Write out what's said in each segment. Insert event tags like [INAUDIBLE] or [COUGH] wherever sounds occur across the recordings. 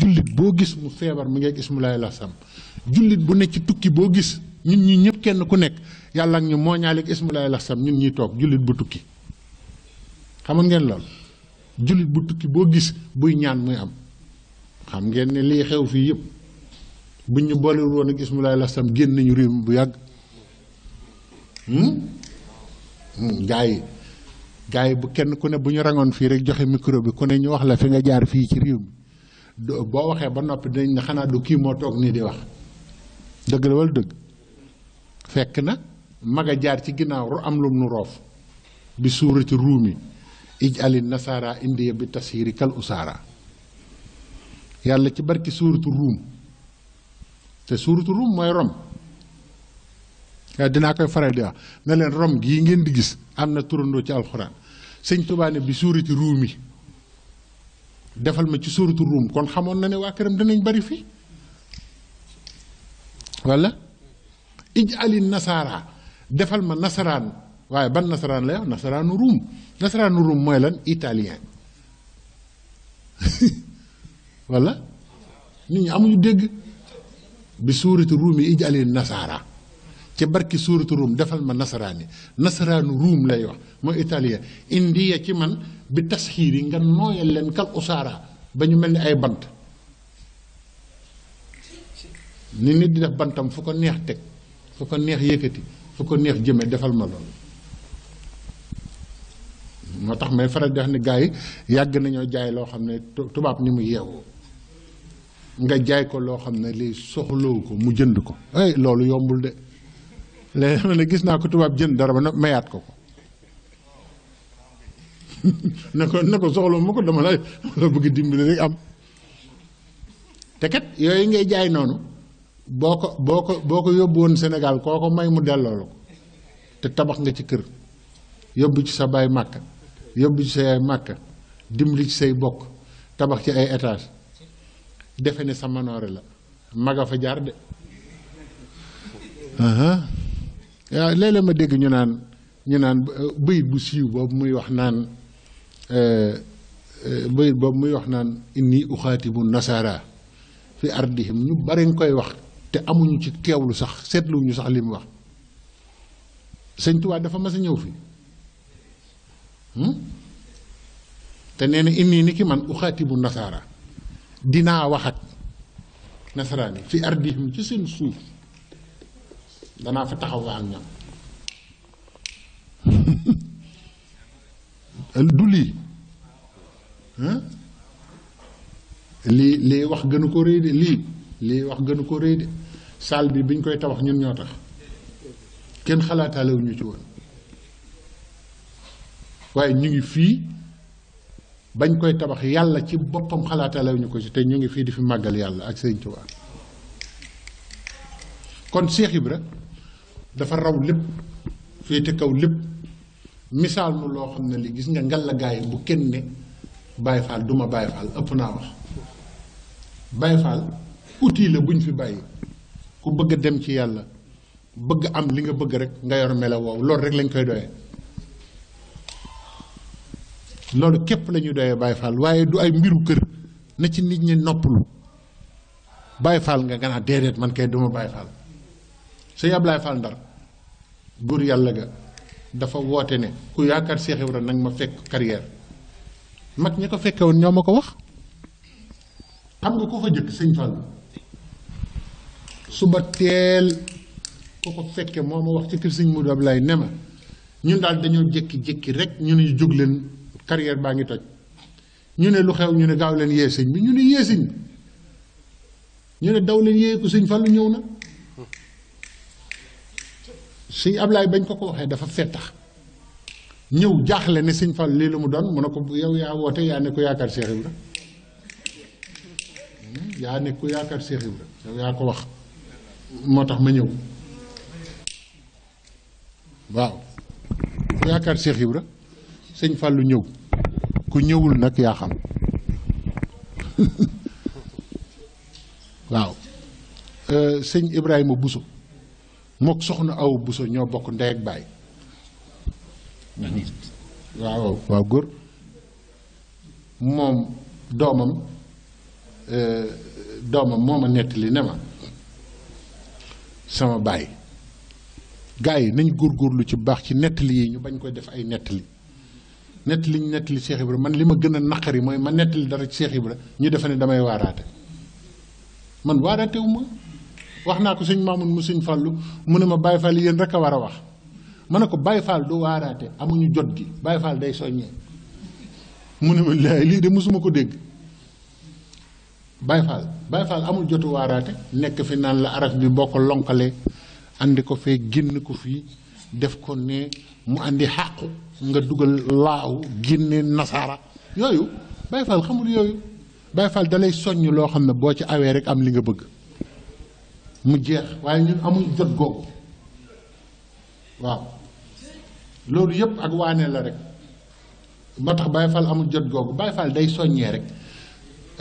jullit boo gis mu feebar mu ngeeg ismulaay la sam jullit bu ne ci tukki boo gis ñun ñi ñëpp kenn ku nekk yàlla ak ñu moo ñaaleeg ismulaay la sam ñun ñuy toog jullit bu tukki xamoon ngeen lool jullit bu tukki boo gis buy ñaan muy am xam ngeen ne lii xew fii yëpp buñ ñu boolewul woon ak ismulaay la sam génn nañu réew mi bu yàgg hmm? hmm, gaa yi gaa yi bu kenn ku ne bu ñu rangoon fii rek joxe micro bi ku ne ñu wax la fi nga jaar fii ci réew mi boo waxee ba noppi dinañ ne xanaa du kii moo toog nii di wax dëgg wala dëgg fekk na mag a jaar ci ginnaaw am lu nu roof bi suurati ruumi ij ali nasaara indi bi tashiiri kal usaara yàlla ci barki suuratu ruum te suuratu ruum mooy rom waaye dinaa koy faral di wax ne leen rom gii ngeen di gis am na turandoo ci alxuraan sëñ Tuubaa ne bi suurati ruumi defal ma ci sóoratu ruum kon xamoon na ne waa këram danañ bari fi wala ij ali nasaara defal ma nasaraan waaye ban nasaraan la yow nasaraanu ruum nasaraanu ruum mooy lan italien [LAUGHS] wala nit ñi amuñu dégg bi suuratu ruum yi ij ali nasaara ci barki suuratu ruum defal ma nasaraan yi nasaraanu ruum lay wax mooy italien indiya ci man bi tashir nga nooyal len kal usaara bañu melni ay bant ni nit di def bantam fu ko neex tek fu ko neex yekeuti fu ko neex jeme defal ma lol motax may faral jai ni gaay yag nañu jaay lo xamne tubab ni mu nga jaay ko lo xamne ne soxlo ko mu jënd ko ay eh, lolou yombul de le ne gis na ko tubab jënd dara ba mayat ko ko [LAUGHS] ne ko ne ko soxla ma ko dama la dama la bëgg dimbali rek am teket yooyu ngay jaay noonu boo ko boo ko boo ko yóbbu woon Sénégal koo ko may mu delloo la ko te tabax nga ci kër yóbbu ci sa baay màkk yóbbu ci sa ay màkk dimbali ci say bokk tabax ci ay étage defe ne sa manoore la maga fa jaar de waaw léeg ma dégg ñu naan ñu naan bëyit bu siiw boobu muy wax naan bayit boobu muy wax naan inni uxaatibu nasaara fi ardihim ñu bari nga koy wax te amuñu ci teewlu sax seetluwuñu sax li mu wax sëñ Tuubaa dafa mas ñëw fi te nee inni ni man uxaatibu nasaara dinaa wax ak nasaraan fi ardihim ci seen suuf danaa fa taxaw wax ak du lii lii lii wax gënu ko rëy de lii lii wax gënu ko rëy de salle bi biñ koy tabax ñun ñoo tax kenn xalaatalewu ñu ci woon waaye ñu ngi fii bañ koy tabax yàlla ci boppam xalaatalewu ñu ko ci te ñu ngi fii di fi màggal yàlla ak Sëriñ Tuubaa kon Cheikh Ibra dafa raw lépp féete kaw lépp misaal nu loo xam ne li gis nga ngal la gaay bu kenn ne Baye Fall du ma Baye Fall ëpp naa wax Baye Fall outil la bu ñu fi bàyyi ku bëgg a dem ci yàlla bëgg am li nga bëgg rek nga yor melo woowu loolu rek lañ koy doyee loolu képp lañuy ñuy doyee Baye Fall waaye du ay mbiru kër na ci nit ñi noppalu Baye Fall nga gannaaw déedéet man kay duma Baye Fall sëñ Ablaye Fall Ndar buur yàlla ga dafa woote ne ku yaakaar Cheikh Ibra nag ma fekk carrière mag ñi ko fekke woon ñoo ma ko wax xam nga ko ko jëkk sëñ Fall suba teel ku ko fekke moo ma wax ci kër sëñ Modou Ablaye ne ma ñun daal dañoo jékki-jékki rek ñu ne jóg leen carrière baa ngi toj ñu ne lu xew ñu ne gaaw leen yee sëñ bi ñu ne yee ñu ne daw leen yee ko sëñ Fallu ñëw na sëñ Ablaay bañ ko ko waxee dafa fettax ñëw jaaxle ni sëñ Fall lii lu mu doon mu ne ko yow yaa woote yaa ne ko yaakaar Cheikh Ibra hmm, yaa ne ko yaa ko wax moo tax ma ñëw waaw ku yaakaar Cheikh Ibra sëñ lu ñëw ku ñëwul nag yaa xam [LAUGHS] waaw euh, sëñ Ibrahima busu mook soxna aw buso ñoo bokk ndey ak baay waaw waaw góor moom doomam euh, doomam moom ma nettali ne ma sama baay gaa yi nañ góorgóorlu ci baax ci nettali yi ñu bañ koy def ay nettali nettali ñu nettali Cheikh Ibra man li ma gën a naqari mooy ma nettali dara ci Cheikh Ibra ñu defe ne damay waaraate man waaraatewu wax naa ko suñ Maamun mu sëñ Fàllu mu ne ma Baye Fall yéen rek a war a wax ma ne ko Baye Fall du waaraate amuñu jot gi Baye Fall day soññee mu ne ma laay lii de mosuma ko dégg Baye Fall Baye Fall amul jotu waaraate nekk fi naan la araf bi boo ko lonkalee andi ko fee génn ko fii def ko ne mu andi xàqu nga dugal laaw génne nasaara yooyu Baye Fall xamul yooyu Baye Fall dalay soññ loo xam ne boo ci awee rek am li nga bëgg mu jeex waaye ñun amuñ jot googu waaw loolu yëpp ak waane la rek moo tax Baye Fall amul jot googu Baye Fall day soññee rek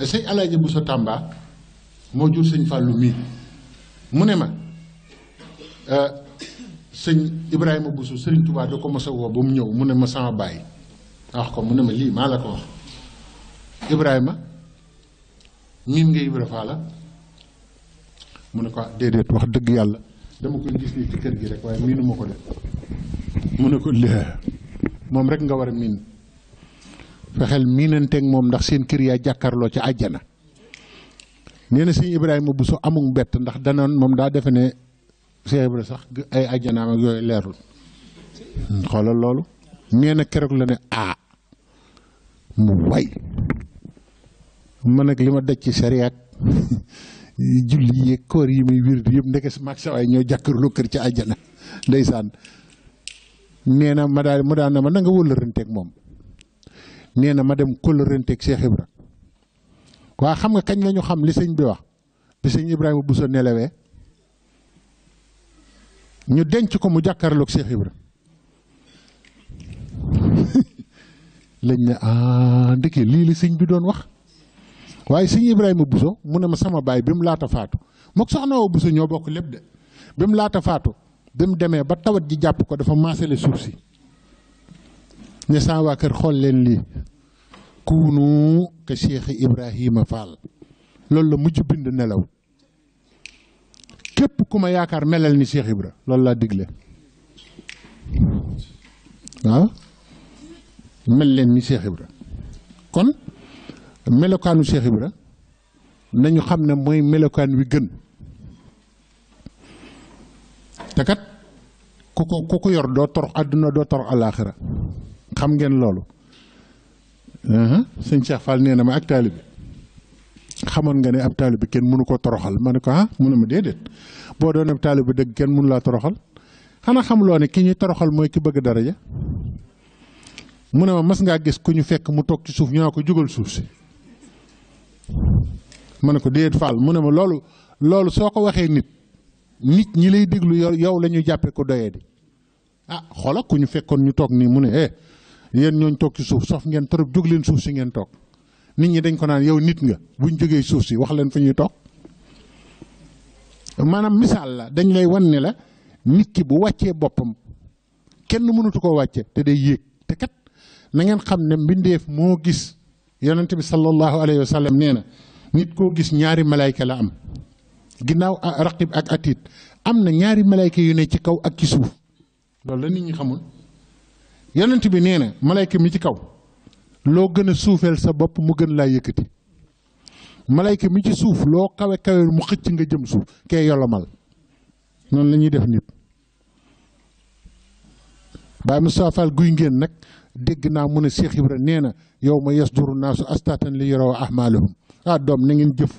sëñ Alaaji Bousso Tamba moo jur sëñ Fallou mii mu ne ma euh, sëñ Ibrahima Bousso sëriñ Touba da ko mos ba mu ñëw mu ne ma sama baay wax ko mu ne ma lii maa la ko Ibrahima miin nga Ibrahima la mu ne ko ah, déedéet wax dëgg yàlla dama koy gis nii ci kër gi rek waaye miinu ma ko de mu ne ko lée moom rek nga war a miin fexeel miinanteeg moom ndax seen kër yaa jàkkarloo ca àjjana nee na sëñ Ibrahima bu su amul bett ndax danoon moom daa defe ne Cheikh sax ay àjjanaam ak yooyu leerul hmm, xoolal loolu nee na keroog la ne ah mu way man nag li ma daj ci sariyaat [LAUGHS] julli yeeg koor yi muy wird yëpp ndeke si mag sa ñoo jàkkaarloo kër ca àjjana ndeysaan nee na ma daal mu daan na ma na nga wëllëranteeg moom nee na ma dem kóllëranteeg Cheikh Ibra waa xam nga kañ la xam li sëñ bi wax bi sëñ Ibrahima Bousso nelawee ñu denc ko mu jàkkaarloog Cheikh Ibra [LAUGHS] lañ ne ah ndeke lii la sëñ bi doon wax. waaye sëñ Ibrahima Bousso mu ma sama baye bim mu laata faatu mook soxna wo Bousso ño bok lépp de bim mu laata faatu bi mu ba tawat ji jàpp ko dafa maasale suuf si ne sa wa keur xol len li kunu ka Cheikh Ibrahima Fall loolu la muccu bind nelaw kep kuma ma melal ni Cheikh Ibra loolu la digle ها mel leen ni Cheikh Ibra melokaanu cheikh ibra nañu xamne moy melokan wi gën te kat ku ko yor do tor aduna do tor alakhirah xam ngeen loolu seigne cheikh fall neena ma ak talib xamon nga ne ab talib ken munu ko toroxal ma ne ko ah mu ma déedéet boo doon ab talib deug ken munu la toroxal xana lo ne ki ñi toroxal moy ki bëgg dara ja ma mas nga gis ku ñu fekk mu tok ci suuf ñoko suuf ci mané ko deet fal mune ma lolou lolou soko waxé nit nit ñi lay déglu yow lañu jappé ko doyé di ah xoola ku ñu fekkoon ñu tok ni mune eh yeen ñooñ tok ci suuf sof ngeen torop jóg leen suuf ci ngeen tok nit ñi dañ ko naan yow nit nga buñ joggé suuf si wax leen fu tok manam misal la dañ lay wan la nit ki bu waccé bopam kenn mënatu ko waccé té day yéeg té kat na ngeen xamné mbindeef mo gis yonente bi sallallahu alayhi wasallam neena nit koo gis ñaari malayka la am ginnaaw raqib ak atiit am na ñaari malayka yu ne ci kaw ak ci suuf loolu la nit ñi xamul yonent bi nee na malayka mi ci kaw loo gën a suufeel sa bopp mu gën laa yëkkati malayka mi ci suuf loo kawe kawe mu xëcc nga jëm suuf kee yolomal noonu la ñuy def nit Baye Moustapha Fall guy ngeen nag dégg naa mun a Cheikh Ibra nee na yow ma yasduru naasu astatan li yaraw ahmaalahum ah doom na ngeen jëf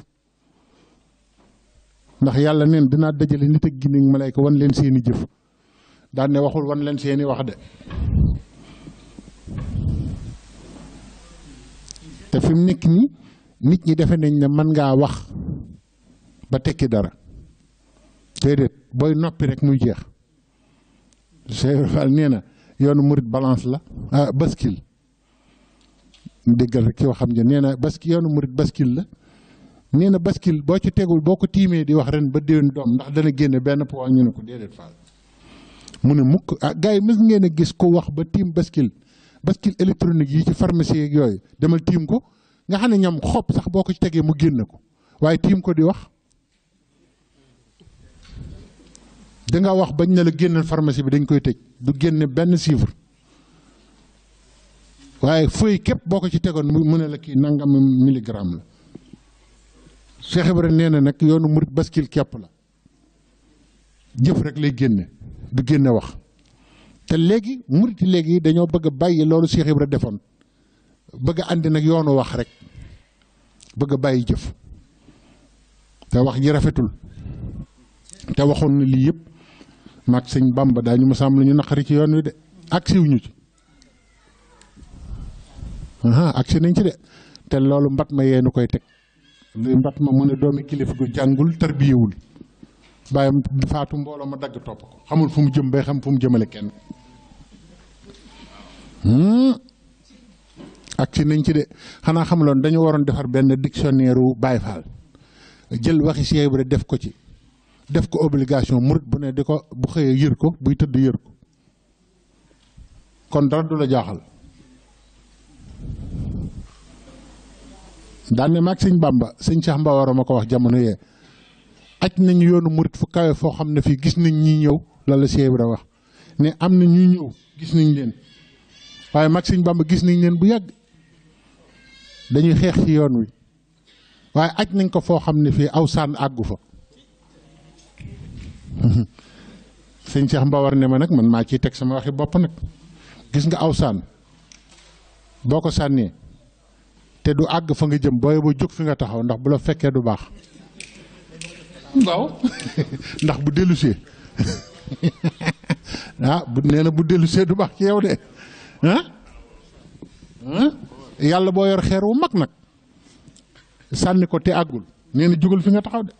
ndax yàlla neen dinaa dajale nit ak ginne malayka wan leen seeni jëf daan waxul wan leen seeni wax de te fi mu nekk nii nit ñi defe nañ ne man ngaa wax ba tekki dara déedéet booy noppi rek muy jeex Cheikh Ibra Fall na yoonu murit balance la ah bascule déggal rek ki xam ne nee na bascule yoonu murit bascule la nee na bascule boo ci tegul boo ko tiimee di wax ren ba déwén doom ndax dana génne benn poids ñu ne ko déedéet faal mu ne mukk ah gars ngeen a gis ko wax ba tiim baskil bascule électronique yi ci pharmacie yooyu demal tiim ko nga xam ne ñam xob sax boo ko tegee mu génn ko waaye tiim ko di wax. danga wax bañ ne la génnal pharmacie bi dañ koy tëj. du génne benn chiffre waaye feuille képp boo ko ci tegoon mu ne la kii nangam milligramme la Cheikh Ibrahima nee na nag yoonu murit bascule képp la jëf rek lay génne du génne wax te léegi murit léegi dañoo bëgg a bàyyi loolu Cheikh Ibrahima defoon bëgg a andi nag yoonu wax rek bëgg a bàyyi jëf te wax ji rafetul te waxoon na lii yëpp. mag sëñ Bamba daañu ma sàmm lu ñu naqari ci yoon wi de agsi wuñu ci agsi nañ ci de te loolu mbat ma yeenu koy teg li mbat ma mu ne doomi kilifa gu jàngul tarbiyewul bàyyam faatu mbooloo ma dagg topp ko xamul fu mu jëm bay xam fu mu jëmale kenn hmm? agsi nañ ci de xanaa xamuloon dañu waroon defar benn dictionnaire wu Baye jël waxi Cheikh Ibra def ko ci def ko obligation murit bu ne di ko bu xëyee yër ko buy tëdd yër ko kon dara du la jaaxal daan ne maag sëñ Bàmba sëñ Cheikh Mbawar ma ko wax jamono yee aj nañ yoonu murit fu kawe foo xam ne fii gis nañ ñi ñëw la la Cheikh Ibra wax ne am na ñuy ñëw gis nañ leen waaye maag sëñ Bàmba gis nañ leen bu yàgg dañuy xeex ci yoon wi waaye aj nañ ko foo xam ne fii aw saan àggu fa [LAUGHS] sëñ Cheikh Mbawar ne ma nak man ma ci tek sama waxi bop nak gis nga awsan boko sanni te du ag fa nga jëm boy bo juk fi nga taxaw ndax bu la fekke du bax ndaw [LAUGHS] ndax bu delusé [LAUGHS] ah, na bu neena na bu delusé du bax ci yow de ah, ah? yalla bo yor xéru mak nak sanni ko te agul neena jugul fi nga taxaw de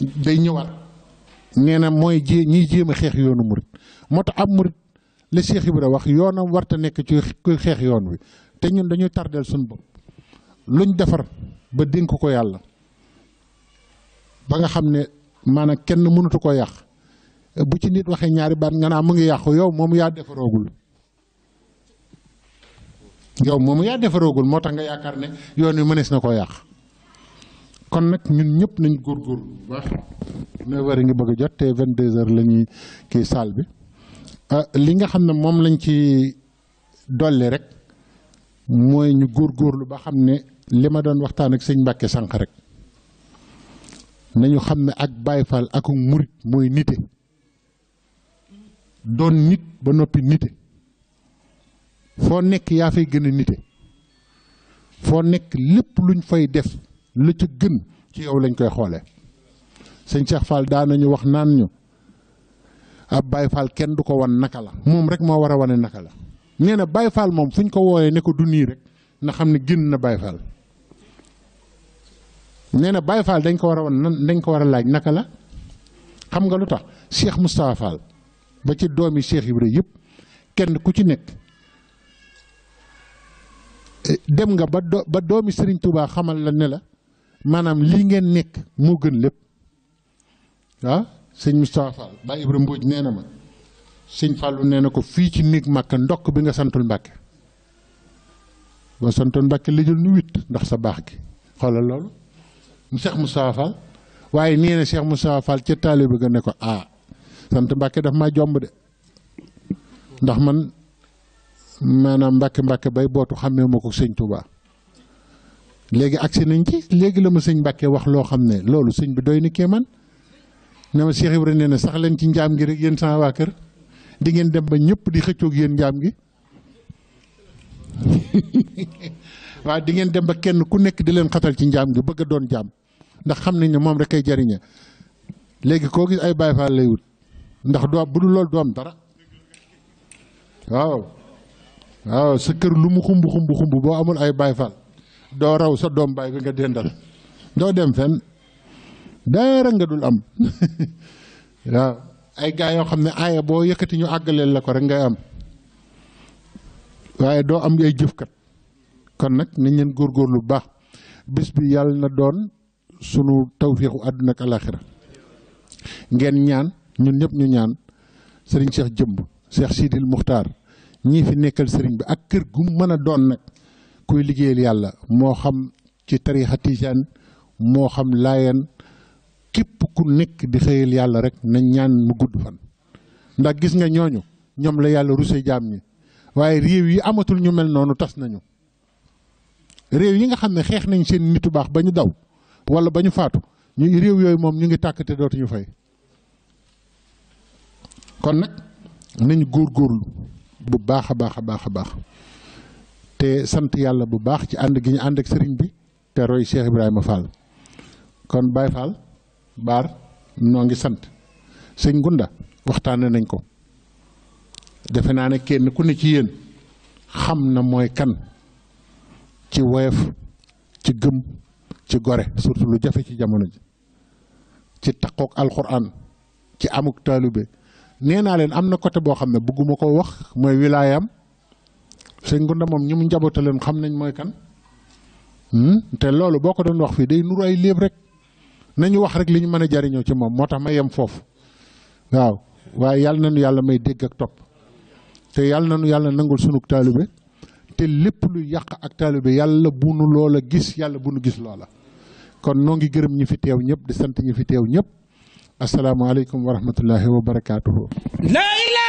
day ñëwaat nee mooy jé ñiy jéem a xeex yoonu murit moo tax ab murit la Cheikh Ibra wax yoonam warta nekk ci kuy xeex yoon wi te ñun dañuy tardeel suñu bopp luñ defar ba dénk ko yàlla ba nga xam ne maanaam kenn mënatu ko yàq bu ci nit waxee ñaari baat nga naa mu ngi yàqu yow moom yaa defaroogul yow moom yaa defaroogul moo tax nga yaakaar ne yoon wi mënees na koo yàq kon nag ñun ñëpp nañ góor bu baax 9h ngi bëgg a jot te 22h la bi ah, li nga xam ne moom lañ ci dolli rek mooy ñu góorlu ba xam ne li ma doon waxtaan ak sëñ Mbàkke sànq rek nañu xam ne ak Baay Faal ak murit mooy nite doon nit ba noppi nite foo nekk yaa fay gën a foo nekk lépp luñ fay def. lu ci gën ci yow lañ koy xolé señ Cheikh Fall nañu wax nan ñu ab bay Fall kenn duko won naka la rek mo wara wone wane naka la Fall mom fuñ ko woyé ne ko du ni rek na xamni gën na bay Fall neena bay Fall dañ ko wara won dañ ko wara laaj naka la xam nga lutax Cheikh mustafa Fall ba ci doomi Cheikh ibrahim kenn ku ci nek eh, dem nga ba doomi Serigne Touba xamal la ne la. maanaam lii ngeen nekk moo gën lépp ah sëñ mu Fall Baye Ibrahima Mbodj nee na ma sëñ Fallou nee na ko fii ci néeg màkk ndokk bi nga santul Mbàkke boo santoon Mbàkke la jël nu witt ndax sa baax gi xoolal loolu mu Cheikh Moustapha Fall waaye nee na Cheikh Moustapha Fall ca taalibe bi nga ne ko ah sant Mbàkke daf maa jomb de ndax man maanaam Mbàkke Mbàkke bay bootu xàmmee ma ko sëñ Touba. léegi agsi nañ ci léegi la ma sëñ Mbàkke wax loo xam ne loolu sëñ bi doy na kéemaan ne ma Cheikh Ibrahima nee na sax leen ci njaam gi rek yéen sama waa kër di ngeen dem ba ñëpp di xëccoog yéen njaam gi [LAUGHS] waaw di ngeen dem ba kenn ku nekk di leen xatal ci njaam gi bëgg a doon jaam ndax xam nañ moom rek kay jariñe léegi koo ay Baay Faal ndax doo bu dul loolu dara waaw waaw sa kër lu mu xumb xumb xumb boo amul ay Baay Faal Do raw sa dom bay nga dendal do dem fen dara nga dul am ya, [LAUGHS] ay gaay yo xamne ne bo yekati ñu àggaleel la ko rek ngay am waye do am ay kat kon ni nañ gor gor lu baax bis bi yal na doon sunu tawfiq aduna ak alaxira ngeen ñaan ñun ñep ñu ñaan serigne Cheikh Jëmb Cheikh Sidil Muxtaar ñi fi nekkal serigne bi ak kër gu mëna doon nak kuy liggéeyal yàlla moo xam ci tarixa tijaan moo xam laayan képp ku nekk di xëyal yàlla rek nañ ñaan mu gudd fan ndax gis nga ñooñu ñoom la yàlla ruse jaam mi waaye réew yi amatul ñu mel noonu tas nañu réew yi nga xam ne xeex nañ seen nitu baax ba ñu daw wala ba ñu faatu ñu réew yooyu moom ñu ngi tàkk te dootuñu fay kon nag nañ góorgóorlu bu baax a baax a baax a baax te sant yalla bu baax ci and gi ñu and ak sëriñ bi té roy Cheikh Ibrahima Fall kon bay Fall bar, no ngi sant sëriñ Gunda waxtaan nañ ko defe na ne kenn ku ne ci yeen xam na moy kan ci woyof ci gëm ci gore surtout lu jafe ci jamono ji ci takkook alquran ci amuk taalube néna leen am côté bo xamné bëgguma ko wax moy wilayam sëñ Gunda mom ñu mu xam nañ moy kan hmm? té loolu boko doon wax fi day nuru ay léeb rek nañu wax rek liñu mëna jariño ci mom motax ma yam fofu waaw waye yalla nañu yalla may dégg ak top té yalla nañu yalla nangul sunug talibé té lepp lu yaq ak talibé yalla loola gis yalla bu gis loola kon no ngi gërëm ñi fi tew ñëpp di sant ñi fi teew assalamu alaykum wa rahmatullahi wa ilaha